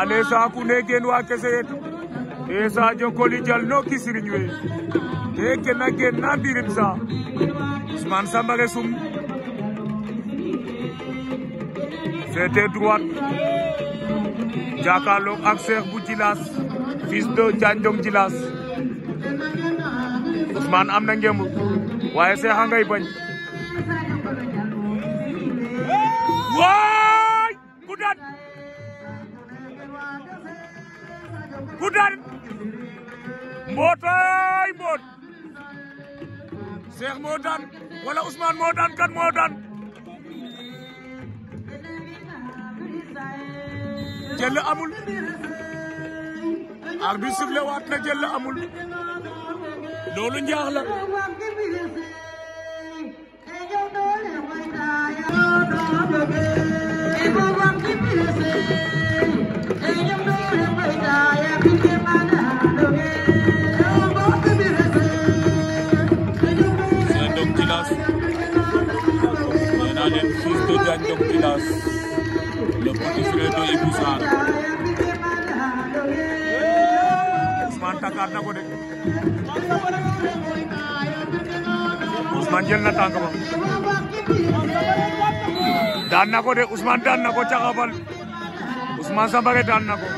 ale saaku ne gen wa kese e Sadio Coly jalno ki na gen na mbirim sa Ousmane sum fete droite jàkkaarloo ak Cheikh bu Djilass fils de Diandong Djilass Ousmane am na ngemb waaye Cheikh a daan ku daan mbootaay mboot Cheikh wala Ousmane moo kan moo jël amul arbitre bi sifflé waat na jël amul loolu njaax la le petit frère de Ibou Sarr Ousmane takkaat na ko de Ousmane jël na tànk ba daan na ko de Ousmane daan na ko caxabal Ousmane Sambare daan na ko